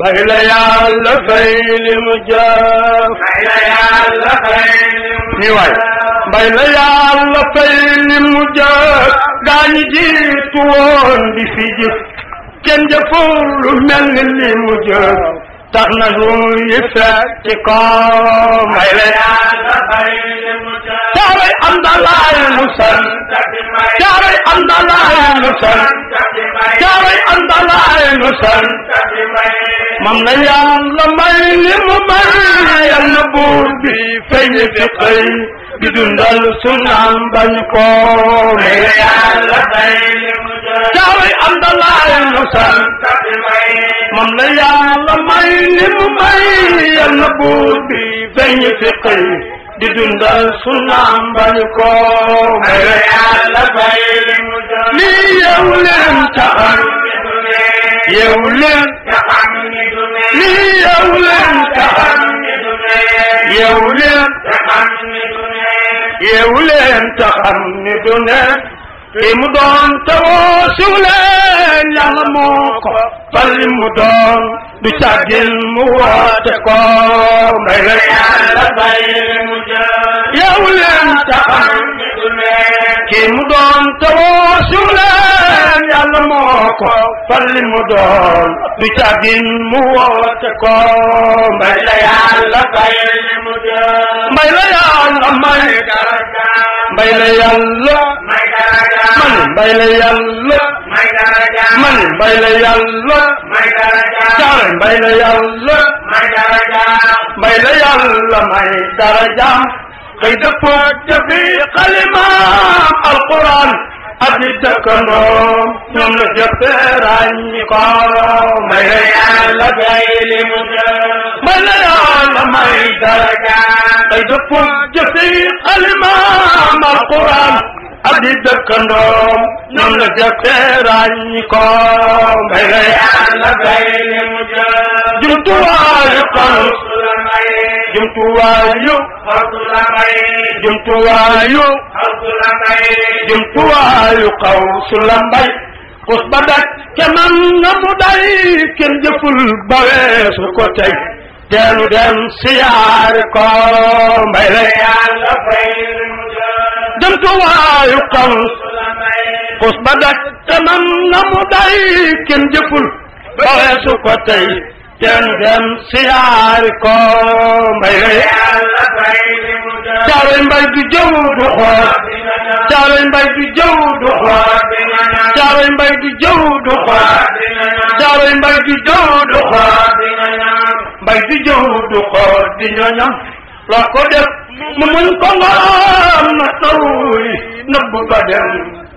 بغليا لخيل مجاف نواي بغليا لخيل مجاف داني جيت وون دي في جف كن جفول مل لي مجاف تخنا نوي فاتقام بغليا لخيل مجاف تاري الحمد لله تاري الحمد moom la yàlla may li mu may yàlla buur bi fay ñu fi xëy di dundal sunnaam bañ koo may yàlla may li mu doy jaaway am dalaay nu sant bi may moom la yàlla may li mu may yàlla buur bi fay ñu fi xëy di dundal sunnaam bañ koo may yàlla may li mu doy lii yow leen taxal يولن رمضان يولن يولن يولن تحمدنا المدان تواصلا يا فالمدان بسجل يا يولن تحمدنا كمدان تواصلا te moo ko falli mu doon du caagin mu woote ko mbay la yàlla fay li mu doon mbay la yàlla may daraja mbay la yàlla may daraja man mbay la yàlla may daraja man mbay la yàlla may daraja caare mbay la yàlla may daraja mbay la yàlla may daraja xëy dëppoo ca fi xalimaam alquran Abid कंदो जाई कॉम लॻेल अबिद कंदो जाई कॉम मेर लॻेल मु jumtuwaayu. xawsulambay. jumtuwaayu. xawsulambay. jumtuwaayu xawsulambay. xus ba daj. te man nga mu day kenn jëful ba weesu ko tey. teelu dem siyaare ko mbay la. yàlla fay jumtuwaayu xawsulambay. xus ba daj. te man nga mu day kenn jëful ba weesu ko tey. dem siyaar ko mbay caaroy mbay du jëw du xool caaroy mbay du jëw du xool caaroy mbay du jëw du du jëw du xool mbay du du xool di ñoñam ko def mu muñ ko ngoom na nëbb ba dem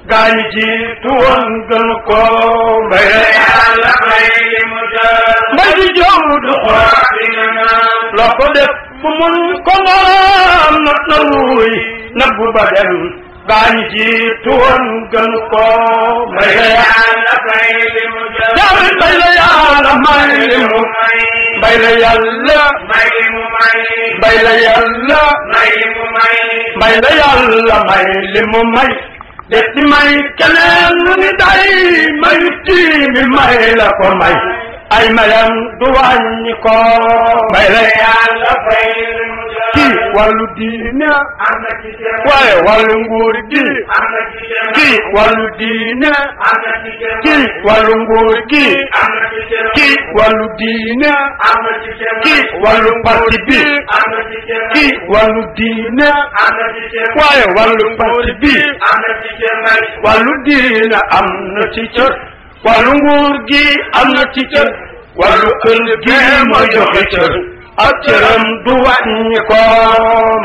gaañ jiitu woon gënu ko mbay yàlla may li mu dër mbay du xool loo ko bu mun ko moom na wuy nëbb ba بعيدي تونقل قوم يا بيليال ميلم بيليال بيليال بيليال ميلم مي لتي مي كلام ندعي مي تيمي مي لكم مي أي ملم دواني قوم بيليال بيلم gi wàllu diine waaye wàllu nguur gi kii wàllu diine kii wàllu nguur gi kii wàllu diine kii wàllu parti bi kii wàllu diine waaye wàllu parti bi am na ci cër wàllu nguur gi am na ci cër wàllu ëllëg gi ma joxe cër ak cëram du wàññi ko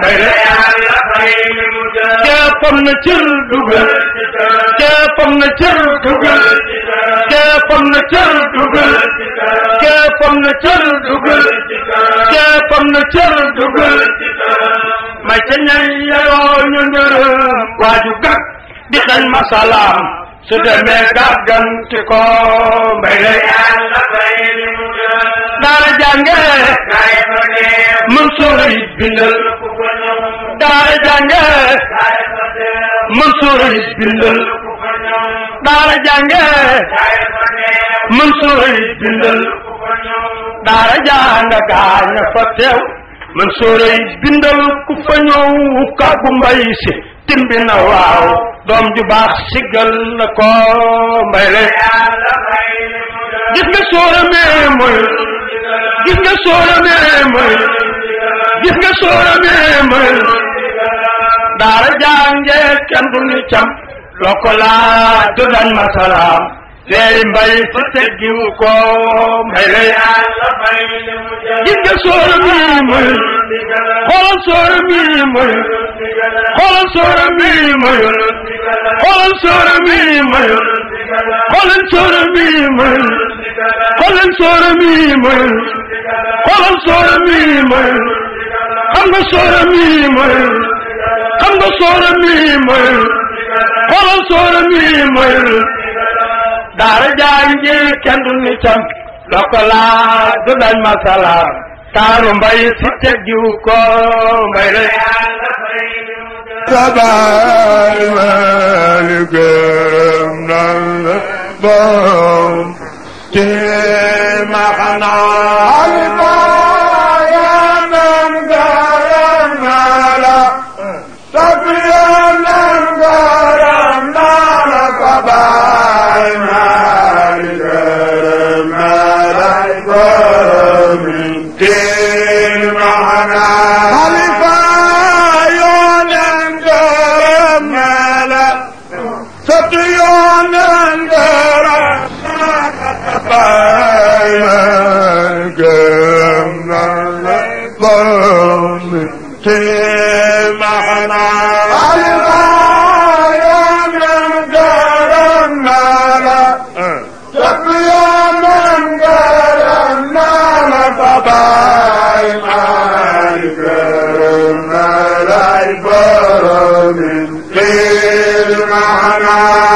may la yàlla fay li mu jëf jàppam na cër dugal jàppam na cër dugal jàppam na cër dugal jàppam na cër dugal jàppam na cër dugal may ca ñay yaroo ñu ngërëm waaju gàkk di xañ ma salaam su demee gàgganti ko may la yàlla fay li mu daara jànge Mansour yi bindal daara jànge Mansour yi bindal daara jànge Mansour yi bindal daara jànge gaañ na yi si timbi waaw doom ju baax siggal na ko mbay lay gis nga sóora mee gis nga soora meemal gis nga soora meemal daara jàngee kenn du ni cam loo ko laaj du dañ ma salaam للبيت تجيوكم جد صور ميمر خلص صور ميمر خلص صور ميمر خلص صور ميمر خلص صور ميمر خلص صور ميمر خلص صور ميمر خلص صور ميمر خلص صور ميمر خلص صور ميمر daara jaan ji kenn du ni cam lokolaa du dañ masalaam taaru mbay si teggiw ko mbay la sabaal maalikum nan boom te maxanaa معنا الغاية من أه. دار من دار النار فطايم من قيل معنا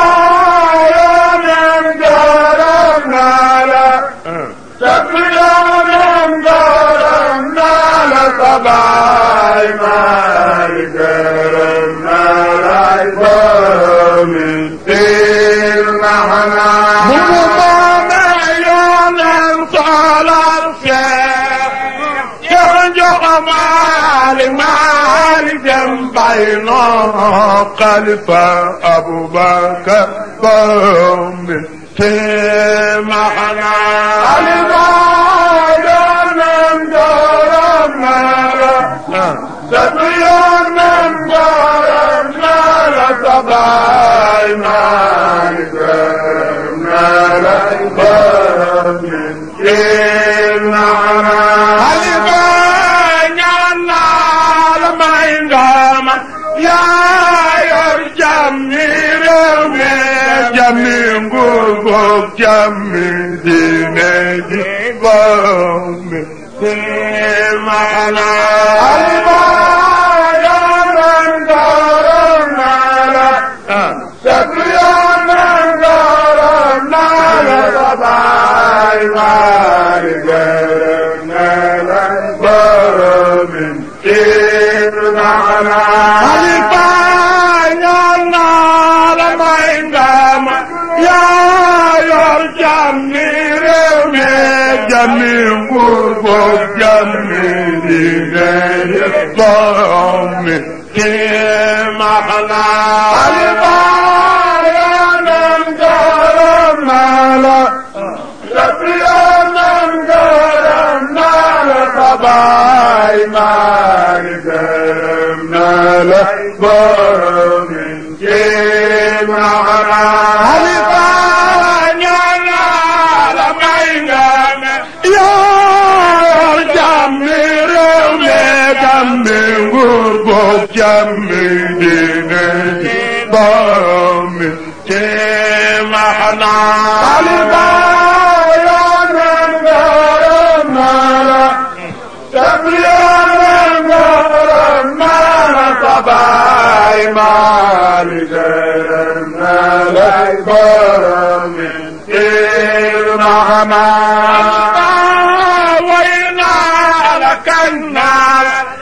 المعالي جنبي قلب ابو بكر تيم تمحنا البعد من دورنا نعم. سبيا من دورنا لتبعنا لجمنا لأيضا تيم تمحنا البعد yar cemire cemin kuzuk cemidine divam Simana Albayanın darınlara Sebriyanın darınlara Babaylar görünmeler Barımın kirnana جميرنا جميل فرقك جميل الضم كما احنا البار يا من قرم مالا يا من قرم مالا طبعي ما قدمنا لك ضم كما احنا دمي غربة جمي ديني ضامي تمحنا البايا من غرمنا تبليا من غرمنا طبعي ما لجرمنا لأكبر من تمحنا وينا لكنا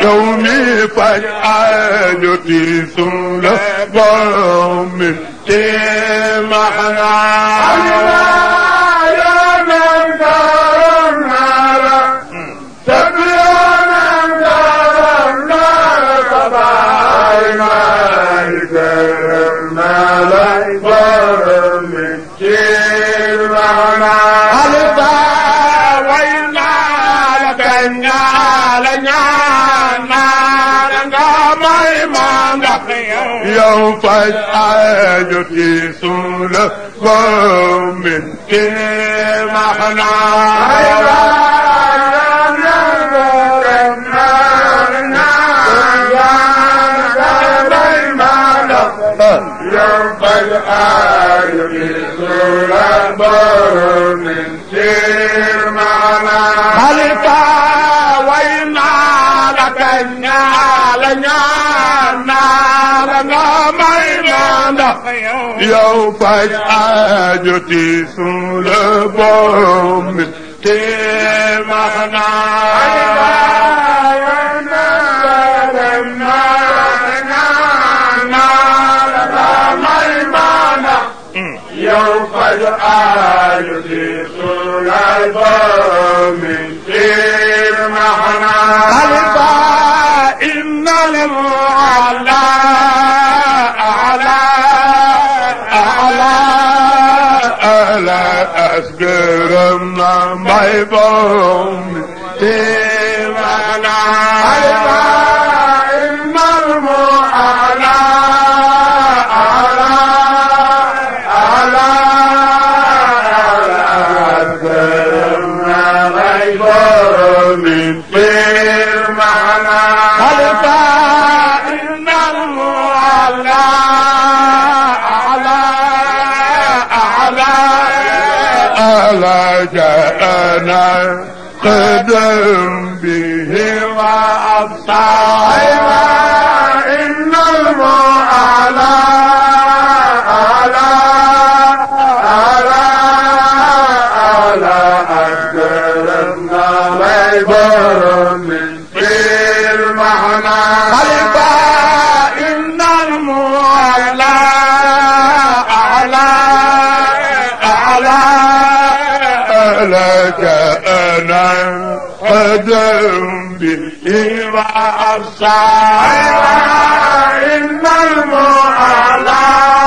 يومي فاجعلتي سل ظلم تمحنا يا من دار النار تبلون دار النار فبعنا فاج حاجتي سولة ومن كما احنا يوم الآية سورة من سير معنا خلفا وإنا لك النار naa la nga may naa ndax yow faj aajo ci suñu borom bi te ma naa Alibaba نعلم على على على على أسجر ما يبون تيمنا المرمو على على على على أسجر ما على جاءنا قدم به وأبطاعنا إن المعلى على من في المعنى إن أنا قدم به وأصحابها إن المعلم